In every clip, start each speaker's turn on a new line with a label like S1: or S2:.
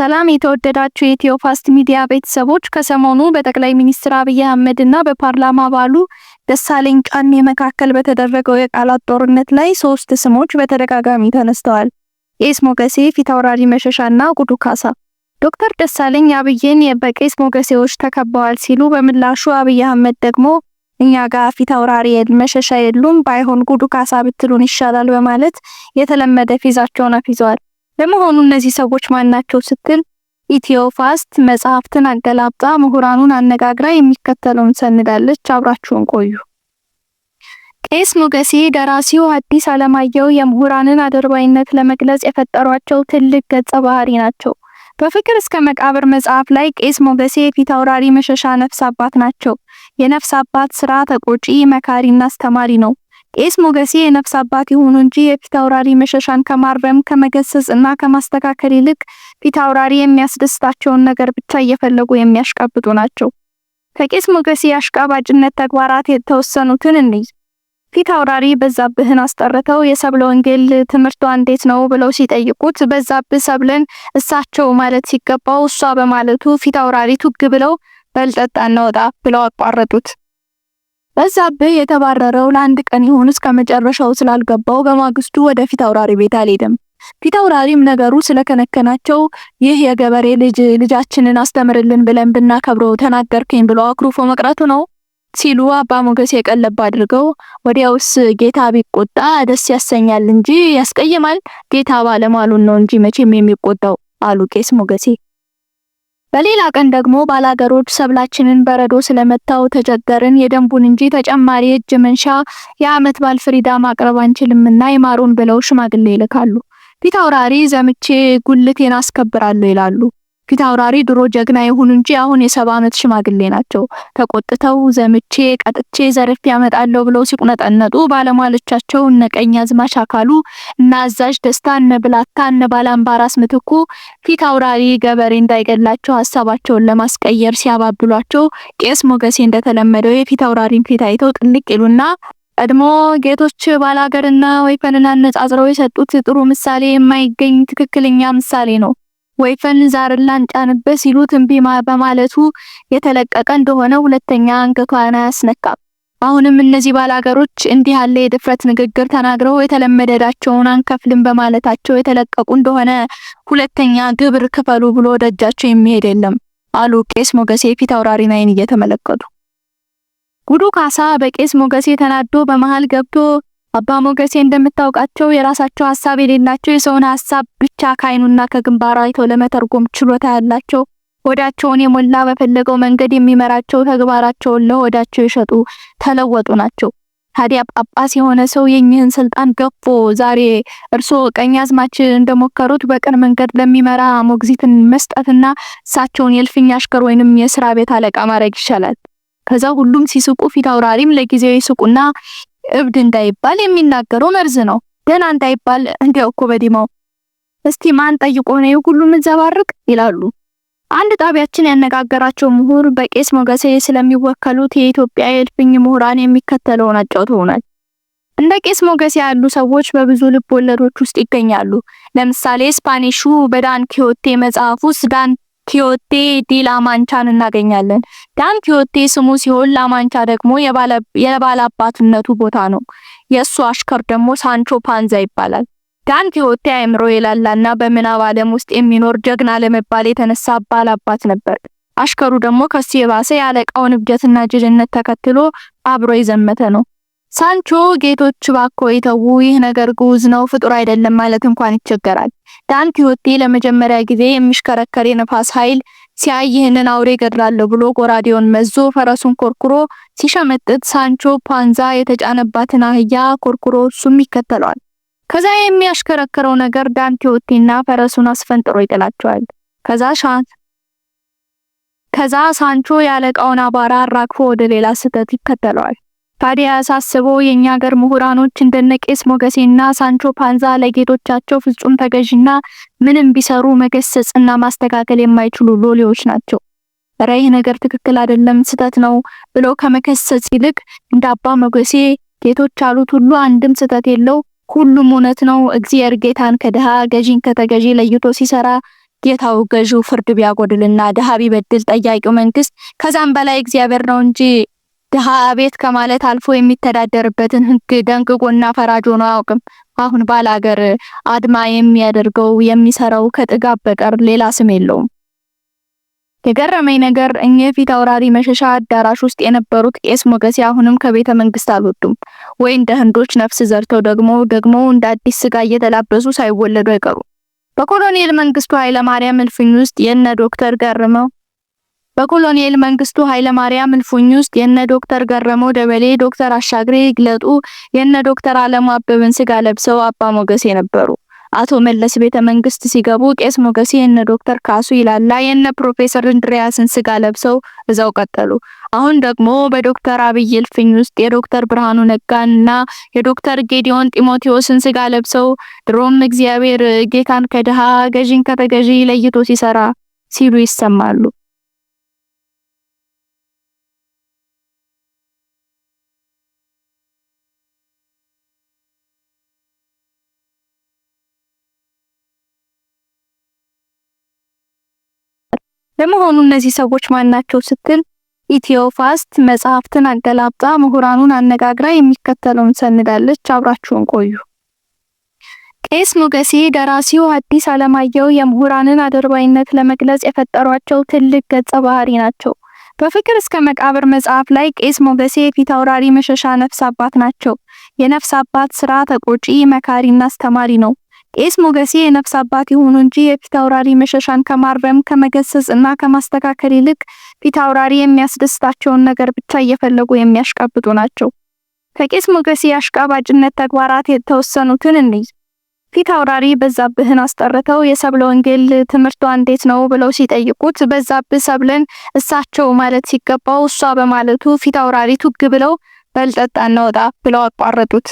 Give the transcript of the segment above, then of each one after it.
S1: ሰላም የተወደዳችሁ የኢትዮ ፋስት ሚዲያ ቤተሰቦች፣ ከሰሞኑ በጠቅላይ ሚኒስትር አብይ አህመድ እና በፓርላማ ባሉ ደሳለኝ ጫኔ መካከል በተደረገው የቃላት ጦርነት ላይ ሶስት ስሞች በተደጋጋሚ ተነስተዋል። ቄስ ሞገሴ፣ ፊታውራሪ መሸሻና ጉዱ ካሳ። ዶክተር ደሳለኝ አብይን በቄስ ሞገሴዎች ተከበዋል ሲሉ፣ በምላሹ አብይ አህመድ ደግሞ እኛ ጋር ፊታውራሪ መሸሻ የሉም፣ ባይሆን ጉዱ ካሳ ብትሉን ይሻላል በማለት የተለመደ ፊዛቸውን አፊዘዋል። ለመሆኑ እነዚህ ሰዎች ናቸው ስትል ኢትዮፋስት መጽሐፍትን አገላብጣ ምሁራኑን አነጋግራ የሚከተለውን ሰንዳለች። አብራችሁን ቆዩ። ቄስ ሙገሴ ደራሲው ሐዲስ ዓለማየሁ የምሁራንን አድርባይነት ለመግለጽ የፈጠሯቸው ትልቅ ገጸ ባህሪ ናቸው። በፍቅር እስከ መቃብር መጽሐፍ ላይ ቄስ ሙገሴ የፊት አውራሪ መሸሻ ነፍስ አባት ናቸው። የነፍስ አባት ስራ ተቆጪ፣ መካሪና አስተማሪ ነው። ቄስ ሞገሴ የነፍስ አባት የሆኑ እንጂ የፊታውራሪ መሸሻን ከማርበም ከመገሰጽ እና ከማስተካከል ይልቅ ፊታውራሪ የሚያስደስታቸውን ነገር ብቻ እየፈለጉ የሚያሽቃብጡ ናቸው። ከቄስ ሞገሴ የአሽቃባጭነት ተግባራት የተወሰኑትን እንይ። ፊታውራሪ በዛብህን አስጠርተው የሰብለ ወንጌል ትምህርቷ እንዴት ነው ብለው ሲጠይቁት በዛብህ ሰብለን እሳቸው ማለት ሲገባው እሷ በማለቱ ፊታውራሪ ቱግ ብለው በልጠጣ እናወጣ ብለው አቋረጡት። በዛብህ የተባረረው ለአንድ ቀን ይሁን እስከ መጨረሻው ስላልገባው በማግስቱ ወደ ፊት አውራሪ ቤት አልሄደም። ፊት አውራሪም ነገሩ ስለከነከናቸው ይህ የገበሬ ልጅ ልጃችንን አስተምርልን ብለን ብናከብረው ተናገርከኝ ብሎ አክሩፎ መቅረቱ ነው ሲሉ አባ ሞገስ የቀለብ አድርገው ወዲያውስ ጌታ ቢቆጣ ደስ ያሰኛል እንጂ ያስቀይማል፣ ጌታ ባለማሉን ነው እንጂ መቼም የሚቆጣው አሉ ቄስ ሞገሴ። በሌላ ቀን ደግሞ ባላገሮች ሰብላችንን በረዶ ስለመታው ተቸገርን፣ የደንቡን እንጂ ተጨማሪ እጅ መንሻ የአመት ባል ፍሪዳ ማቅረብ አንችልምና ይማሩን ብለው ሽማግሌ ይልካሉ። ፊት አውራሪ ዘምቼ ጉልቴን አስከብራለሁ ይላሉ። ፊት አውራሪ ድሮ ጀግና ይሁን እንጂ አሁን የሰባ ዓመት ሽማግሌ ናቸው። ተቆጥተው ዘምቼ ቀጥቼ ዘርፍ ያመጣለሁ ብለው ሲቁነጠነጡ ባለሟሎቻቸው እነ ቀኛዝማች አካሉ፣ እነ አዛዥ ደስታ፣ እነ ብላታ፣ እነ ባላምባራስ ምትኩ ፊት አውራሪ ገበሬ እንዳይገላቸው ሀሳባቸውን ለማስቀየር ሲያባብሏቸው ቄስ ሞገሴ እንደተለመደው የፊት አውራሪን ፊት አይተው ጥልቅ ይሉና ቀድሞ ጌቶች ባላገርና ወይፈንን አነጻጽረው የሰጡት ጥሩ ምሳሌ የማይገኝ ትክክለኛ ምሳሌ ነው። ወይፈን ዛርን ላንጫንበት ሲሉ እምቢ በማለቱ የተለቀቀ እንደሆነ ሁለተኛ አንገቷን አያስነካም። አሁንም እነዚህ ባላገሮች እንዲህ ያለ የድፍረት ንግግር ተናግረው የተለመደዳቸውን አንከፍልም በማለታቸው የተለቀቁ እንደሆነ ሁለተኛ ግብር ክፈሉ ብሎ ደጃቸው የሚሄድ የለም አሉ ቄስ ሞገሴ ፊት አውራሪ ናይን እየተመለከቱ። ጉዱ ካሳ በቄስ ሞገሴ ተናዶ በመሃል ገብቶ አባ ሞገሴ እንደምታውቃቸው የራሳቸው ሀሳብ የሌላቸው የሰውን ሀሳብ ብቻ ከአይኑና ከግንባሩ አይተው ለመተርጎም ችሎታ ያላቸው ሆዳቸውን የሞላ በፈለገው መንገድ የሚመራቸው ተግባራቸውን ለሆዳቸው የሸጡ ተለወጡ ናቸው። ታዲያ ጳጳስ የሆነ ሰው የእኚህን ስልጣን ገፎ ዛሬ እርሶ አዝማች እንደሞከሩት በቅን መንገድ ለሚመራ ሞግዚትን መስጠትና እሳቸውን የእልፍኝ አሽከር ወይንም የስራ ቤት አለቃ ማድረግ ይሻላል። ከዛ ሁሉም ሲስቁ ፊት አውራሪም ለጊዜው ይስቁና እብድ እንዳይባል የሚናገረው መርዝ ነው። ደህና እንዳይባል እንዲያው እኮ በዲማው እስቲ ማን ጠይቆ ነው ሁሉ ምዘባርቅ ይላሉ። አንድ ጣቢያችን ያነጋገራቸው ምሁር በቄስ ሞገሴ ስለሚወከሉት የኢትዮጵያ የእልፍኝ ምሁራን የሚከተለውን አጫውተውናል። እንደ ቄስ ሞገሴ ያሉ ሰዎች በብዙ ልብ ወለዶች ውስጥ ይገኛሉ። ለምሳሌ ስፓኒሹ በዳን ኪዮቴ መጽሐፍ ውስጥ ዳን ኪዮቴ ዲ ላማንቻን እናገኛለን። ዳን ኪዮቴ ስሙ ሲሆን ላማንቻ ደግሞ የባለ አባትነቱ ቦታ ነው። የእሱ አሽከር ደግሞ ሳንቾ ፓንዛ ይባላል። ዳን ኪዮቴ አእምሮ የላላና በምናብ ዓለም ውስጥ የሚኖር ጀግና ለመባል የተነሳ አባት ነበር። አሽከሩ ደግሞ ከሱ የባሰ የአለቃውን እብደትና ጅልነት ተከትሎ አብሮ የዘመተ ነው። ሳንቾ ጌቶች ባኮ የተዉ ይህ ነገር ጉዝ ነው ፍጡር አይደለም ማለት እንኳን ይቸገራል። ዳን ኪሆቴ ለመጀመሪያ ጊዜ የሚሽከረከር የነፋስ ኃይል ሲያይ ይህንን አውሬ ገድላለሁ ብሎ ጎራዴውን መዞ ፈረሱን ኮርኩሮ ሲሸመጥጥ ሳንቾ ፓንዛ የተጫነባትን አህያ ኮርኩሮ እሱም ይከተለዋል። ከዛ የሚያሽከረከረው ነገር ዳን ኪሆቴና ፈረሱን አስፈንጥሮ ይጥላቸዋል። ከዛ ሻን ከዛ ሳንቾ ያለቃውን አባራ አራግፎ ወደ ሌላ ስህተት ይከተለዋል። ታዲያ ያሳስበው የእኛ ሀገር ምሁራኖች እንደነ ቄስ ሞገሴና ሳንቾ ፓንዛ ለጌቶቻቸው ፍጹም ተገዥና ምንም ቢሰሩ መገሰጽ ና ማስተካከል የማይችሉ ሎሌዎች ናቸው። እረ ይህ ነገር ትክክል አይደለም፣ ስህተት ነው ብለው ከመከሰጽ ይልቅ እንደ አባ ሞገሴ ጌቶች አሉት ሁሉ አንድም ስህተት የለው፣ ሁሉም እውነት ነው፣ እግዚአብሔር ጌታን ከድሃ ገዢን ከተገዢ ለይቶ ሲሰራ ጌታው ገዢው ፍርድ ቢያጎድልና ድሃ ቢበድል ጠያቂው መንግስት፣ ከዛም በላይ እግዚአብሔር ነው እንጂ ድሀ አቤት ከማለት አልፎ የሚተዳደርበትን ህግ ደንቅቆና ፈራጅ ሆኖ አያውቅም። አሁን ባላገር አድማ የሚያደርገው የሚሰራው ከጥጋብ በቀር ሌላ ስም የለውም። የገረመኝ ነገር እኚህ ፊት አውራሪ መሸሻ አዳራሽ ውስጥ የነበሩት ቄስ ሞገሴ አሁንም ከቤተ መንግስት አልወጡም ወይ እንደ ህንዶች ነፍስ ዘርተው ደግሞ ደግሞ እንደ አዲስ ስጋ እየተላበሱ ሳይወለዱ አይቀሩም። በኮሎኔል መንግስቱ ኃይለማርያም እልፍኝ ውስጥ የነ ዶክተር ገርመው በኮሎኔል መንግስቱ ኃይለማርያም እልፍኝ ውስጥ የነ ዶክተር ገረመው ደበሌ፣ ዶክተር አሻግሬ ይግለጡ፣ የነ ዶክተር አለሙ አበበን ስጋ ለብሰው አባ ሞገሴ ነበሩ። አቶ መለስ ቤተ መንግስት ሲገቡ ቄስ ሞገሴ የነ ዶክተር ካሱ ይላላ፣ የነ ፕሮፌሰር እንድሪያስን ስጋ ለብሰው እዛው ቀጠሉ። አሁን ደግሞ በዶክተር አብይ እልፍኝ ውስጥ የዶክተር ብርሃኑ ነጋና የዶክተር ጌዲዮን ጢሞቴዎስን ስጋ ለብሰው ድሮም እግዚአብሔር ጌታን ከድሃ ገዢን ከተገዢ ለይቶ ሲሰራ ሲሉ ይሰማሉ። ለመሆኑ እነዚህ ሰዎች ናቸው ስትል ኢትዮፋስት መጽሐፍትን አገላብጣ ምሁራኑን አነጋግራ የሚከተለውን ሰንዳለች። አብራችሁን ቆዩ። ቄስ ሙገሴ ደራሲው ሐዲስ ዓለማየሁ የምሁራንን አድርባይነት ለመግለጽ የፈጠሯቸው ትልቅ ገጸ ባህሪ ናቸው። በፍቅር እስከ መቃብር መጽሐፍ ላይ ቄስ ሙገሴ የፊት አውራሪ መሸሻ ነፍስ አባት ናቸው። የነፍስ አባት ስራ ተቆጪ፣ መካሪና አስተማሪ ነው። ቄስ ሞገሴ የነፍስ አባት የሆኑ እንጂ የፊታውራሪ መሸሻን ከማርበም ከመገሰጽ እና ከማስተካከል ይልቅ ፊታውራሪ የሚያስደስታቸውን ነገር ብቻ እየፈለጉ የሚያሽቃብጡ ናቸው። ከቄስ ሞገሴ የአሽቃባጭነት ተግባራት የተወሰኑትን እንይ። ፊታውራሪ በዛብህን አስጠርተው የሰብለ ወንጌል ትምህርቷ እንዴት ነው ብለው ሲጠይቁት በዛብህ ሰብለን እሳቸው ማለት ሲገባው እሷ በማለቱ ፊታውራሪ ቱግ ብለው በልጠጣ እናወጣ ብለው አቋረጡት።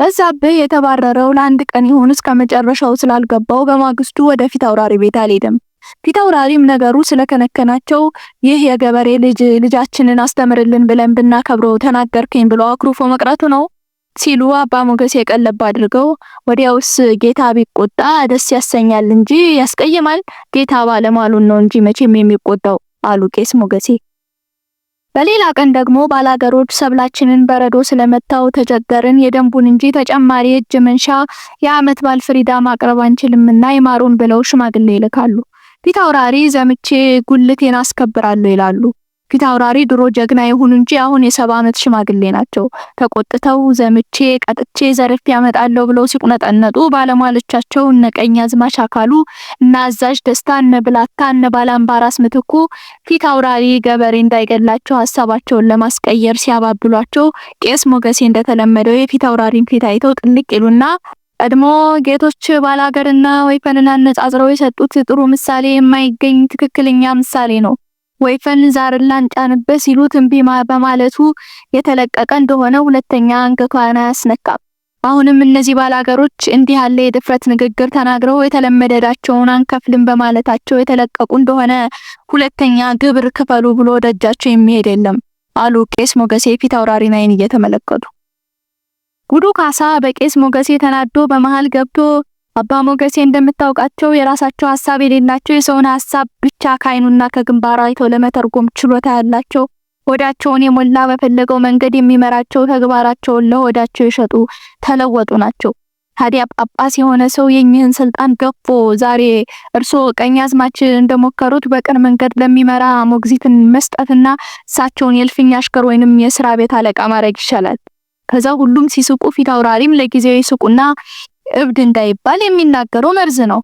S1: በዛብህ የተባረረው ለአንድ ቀን ይሁን እስከ መጨረሻው ስላልገባው በማግስቱ ወደ ፊት አውራሪ ቤት አልሄደም። ፊት አውራሪም ነገሩ ስለከነከናቸው ይህ የገበሬ ልጅ ልጃችንን አስተምርልን ብለን ብናከብረው ተናገርከኝ ብሎ አክሩፎ መቅረቱ ነው ሲሉ አባ ሞገስ የቀለብ አድርገው ወዲያውስ ጌታ ቢቆጣ ደስ ያሰኛል እንጂ ያስቀይማል። ጌታ ባለማሉን ነው እንጂ መቼም የሚቆጣው አሉ ቄስ ሞገሴ። በሌላ ቀን ደግሞ ባላገሮች ሰብላችንን በረዶ ስለመታው ተቸገርን፣ የደንቡን እንጂ ተጨማሪ እጅ መንሻ የአመት ባል ፍሪዳ ማቅረብ አንችልምና ይማሩን ብለው ሽማግሌ ይልካሉ። ፊት አውራሪ ዘምቼ ጉልቴን አስከብራለሁ ይላሉ። ፊት አውራሪ ድሮ ጀግና ይሁን እንጂ አሁን የሰባ ዓመት ሽማግሌ ናቸው። ተቆጥተው ዘምቼ ቀጥቼ ዘርፍ ያመጣለሁ ብለው ሲቁነጠነጡ ባለሟሎቻቸው እነ ቀኛዝማች አካሉ፣ እነ አዛዥ ደስታ፣ እነ ብላታ፣ እነ ባላምባራስ ምትኩ ፊት አውራሪ ገበሬ እንዳይገላቸው ሀሳባቸውን ለማስቀየር ሲያባብሏቸው ቄስ ሞገሴ እንደተለመደው የፊት አውራሪን ፊት አይተው ጥልቅ ይሉና ቀድሞ ጌቶች ባላገርና ወይፈንን አነጻጽረው የሰጡት ጥሩ ምሳሌ የማይገኝ ትክክለኛ ምሳሌ ነው። ወይፈን ዛርን ላንጫንበት ሲሉ እምቢ በማለቱ የተለቀቀ እንደሆነ ሁለተኛ አንገቷን አያስነካም። አሁንም እነዚህ ባላገሮች እንዲህ ያለ የድፍረት ንግግር ተናግረው የተለመደዳቸውን አንከፍልም በማለታቸው የተለቀቁ እንደሆነ ሁለተኛ ግብር ክፈሉ ብሎ ደጃቸው የሚሄድ የለም አሉ ቄስ ሞገሴ ፊት አውራሪ ናይን እየተመለከቱ። ጉዱ ካሳ በቄስ ሞገሴ ተናዶ በመሃል ገብቶ አባ ሞገሴ እንደምታውቃቸው የራሳቸው ሀሳብ የሌላቸው የሰውን ሀሳብ ብቻ ከአይኑና ከግንባሩ አይተው ለመተርጎም ችሎታ ያላቸው ሆዳቸውን የሞላ በፈለገው መንገድ የሚመራቸው ተግባራቸውን ለሆዳቸው የሸጡ ተለወጡ ናቸው። ታዲያ ጳጳስ የሆነ ሰው የእኚህን ስልጣን ገፎ ዛሬ እርሶ አዝማች እንደሞከሩት በቅን መንገድ ለሚመራ ሞግዚትን መስጠትና እሳቸውን የእልፍኝ አሽከር ወይንም የስራ ቤት አለቃ ማድረግ ይሻላል። ከዛ ሁሉም ሲስቁ ፊት አውራሪም ለጊዜው ይስቁና እብድ እንዳይባል የሚናገረው መርዝ ነው።